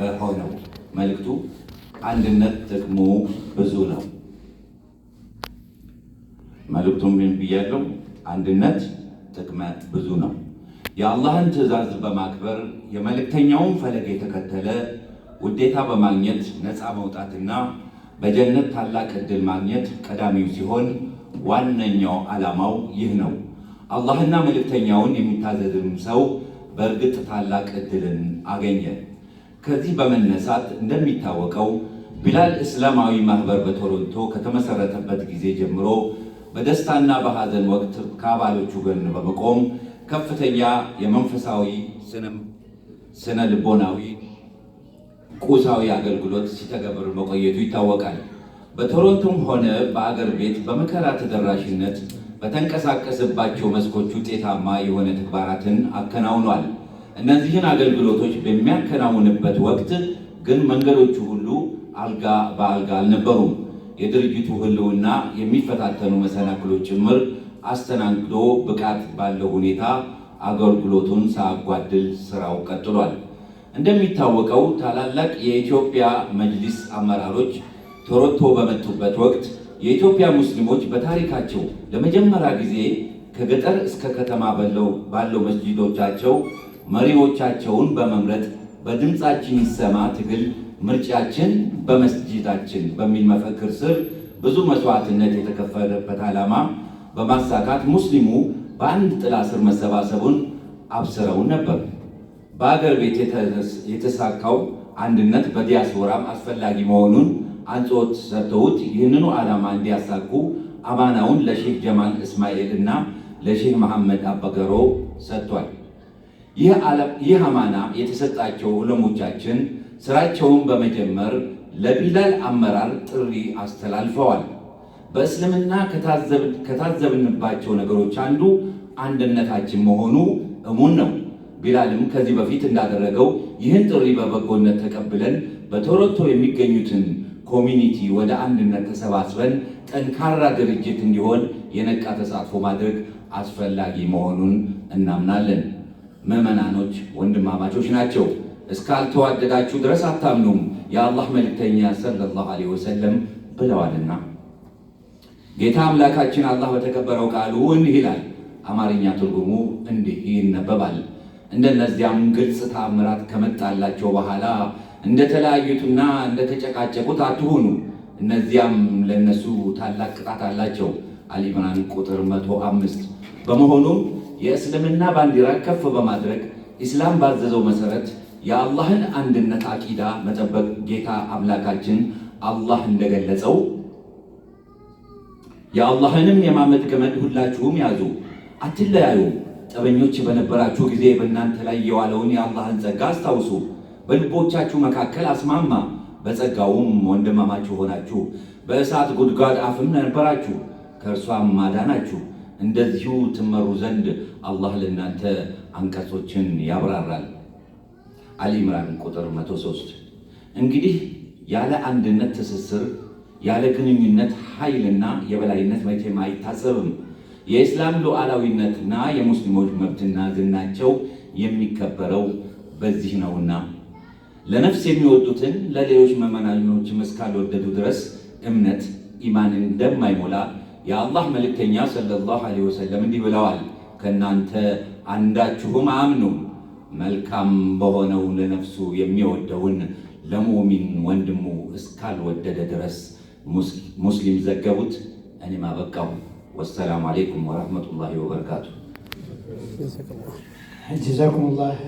በሆነው መልእክቱ። አንድነት ጥቅሙ ብዙ ነው። መልእክቱን ምን ብያለው? አንድነት ጥቅመ ብዙ ነው። የአላህን ትእዛዝ በማክበር የመልእክተኛውን ፈለግ የተከተለ ውዴታ በማግኘት ነፃ መውጣትና በጀነት ታላቅ ዕድል ማግኘት ቀዳሚው ሲሆን ዋነኛው ዓላማው ይህ ነው። አላህና መልእክተኛውን የሚታዘዝም ሰው በእርግጥ ታላቅ ዕድልን አገኘ። ከዚህ በመነሳት እንደሚታወቀው ቢላል እስላማዊ ማህበር በቶሮንቶ ከተመሰረተበት ጊዜ ጀምሮ በደስታና በሐዘን ወቅት ከአባሎቹ ጎን በመቆም ከፍተኛ የመንፈሳዊ ስነ ልቦናዊ፣ ቁሳዊ አገልግሎት ሲተገብር መቆየቱ ይታወቃል። በቶሮንቶም ሆነ በአገር ቤት በመከራ ተደራሽነት በተንቀሳቀሰባቸው መስኮች ውጤታማ የሆነ ተግባራትን አከናውኗል። እነዚህን አገልግሎቶች በሚያከናውንበት ወቅት ግን መንገዶቹ ሁሉ አልጋ በአልጋ አልነበሩም። የድርጅቱ ሕልውና የሚፈታተኑ መሰናክሎች ጭምር አስተናግዶ ብቃት ባለው ሁኔታ አገልግሎቱን ሳያጓድል ስራው ቀጥሏል። እንደሚታወቀው ታላላቅ የኢትዮጵያ መጅሊስ አመራሮች ቶሮንቶ በመጡበት ወቅት የኢትዮጵያ ሙስሊሞች በታሪካቸው ለመጀመሪያ ጊዜ ከገጠር እስከ ከተማ ባለው መስጂዶቻቸው መሪዎቻቸውን በመምረጥ በድምፃችን ይሰማ ትግል ምርጫችን በመስጅዳችን በሚል መፈክር ስር ብዙ መስዋዕትነት የተከፈለበት ዓላማ በማሳካት ሙስሊሙ በአንድ ጥላ ስር መሰባሰቡን አብስረውን ነበር። በአገር ቤት የተሳካው አንድነት በዲያስፖራም አስፈላጊ መሆኑን አጽንኦት ሰጥተውት ይህንኑ ዓላማ እንዲያሳኩ አማናውን ለሼህ ጀማል እስማኤል እና ለሼህ መሐመድ አበገሮ ሰጥቷል። ይህ አማና የተሰጣቸው ዕለሞቻችን ስራቸውን በመጀመር ለቢላል አመራር ጥሪ አስተላልፈዋል። በእስልምና ከታዘብንባቸው ነገሮች አንዱ አንድነታችን መሆኑ እሙን ነው። ቢላልም ከዚህ በፊት እንዳደረገው ይህን ጥሪ በበጎነት ተቀብለን በቶሮንቶ የሚገኙትን ኮሚኒቲ ወደ አንድነት ተሰባስበን ጠንካራ ድርጅት እንዲሆን የነቃ ተሳትፎ ማድረግ አስፈላጊ መሆኑን እናምናለን። መመናኖች ወንድማማቾች ናቸው። እስካልተዋደዳችሁ ድረስ አታምኑም የአላህ መልእክተኛ ሰለላሁ ዐለይሂ ወሰለም ብለዋልና። ጌታ አምላካችን አላህ በተከበረው ቃሉ እንዲህ ይላል። አማርኛ ትርጉሙ እንዲህ ይነበባል። እንደነዚያም ግልጽ ተአምራት ከመጣላቸው በኋላ እንደተለያዩትና እንደተጨቃጨቁት አትሁኑ። እነዚያም ለነሱ ታላቅ ቅጣት አላቸው። አል ኢምራን ቁጥር መቶ አምስት በመሆኑም የእስልምና ባንዲራ ከፍ በማድረግ ኢስላም ባዘዘው መሰረት የአላህን አንድነት አቂዳ መጠበቅ ጌታ አምላካችን አላህ እንደገለጸው የአላህንም የማመድ ገመድ ሁላችሁም ያዙ፣ አትለያዩ ጠበኞች በነበራችሁ ጊዜ በእናንተ ላይ የዋለውን የአላህን ጸጋ አስታውሱ፣ በልቦቻችሁ መካከል አስማማ። በጸጋውም ወንድማማችሁ ሆናችሁ፣ በእሳት ጉድጓድ አፍም ነበራችሁ፣ ከእርሷም ማዳናችሁ። እንደዚሁ ትመሩ ዘንድ አላህ ለእናንተ አንቀጾችን ያብራራል። አሊ ቁጥር 103 እንግዲህ ያለ አንድነት ትስስር ያለ ግንኙነት ኃይልና የበላይነት መቼም አይታሰብም። የኢስላም ሉዓላዊነትና የሙስሊሞች መብትና ዝናቸው የሚከበረው በዚህ ነውና ለነፍስ የሚወዱትን ለሌሎች መመናኞችም እስካልወደዱ ድረስ እምነት ኢማን እንደማይሞላ የአላህ መልእክተኛ ሰለላሁ ዐለይሂ ወሰለም እንዲህ ብለዋል፣ ከእናንተ አንዳችሁም አምኑ መልካም በሆነው ለነፍሱ የሚወደውን ለሙእሚን ወንድሙ እስካልወደደ ድረስ። ሙስሊም ዘገቡት። እኔም አበቃሁ። ወሰላሙ አሌይኩም ወረሕመቱላሂ ወበረካቱ። ጀዛኩሙላህ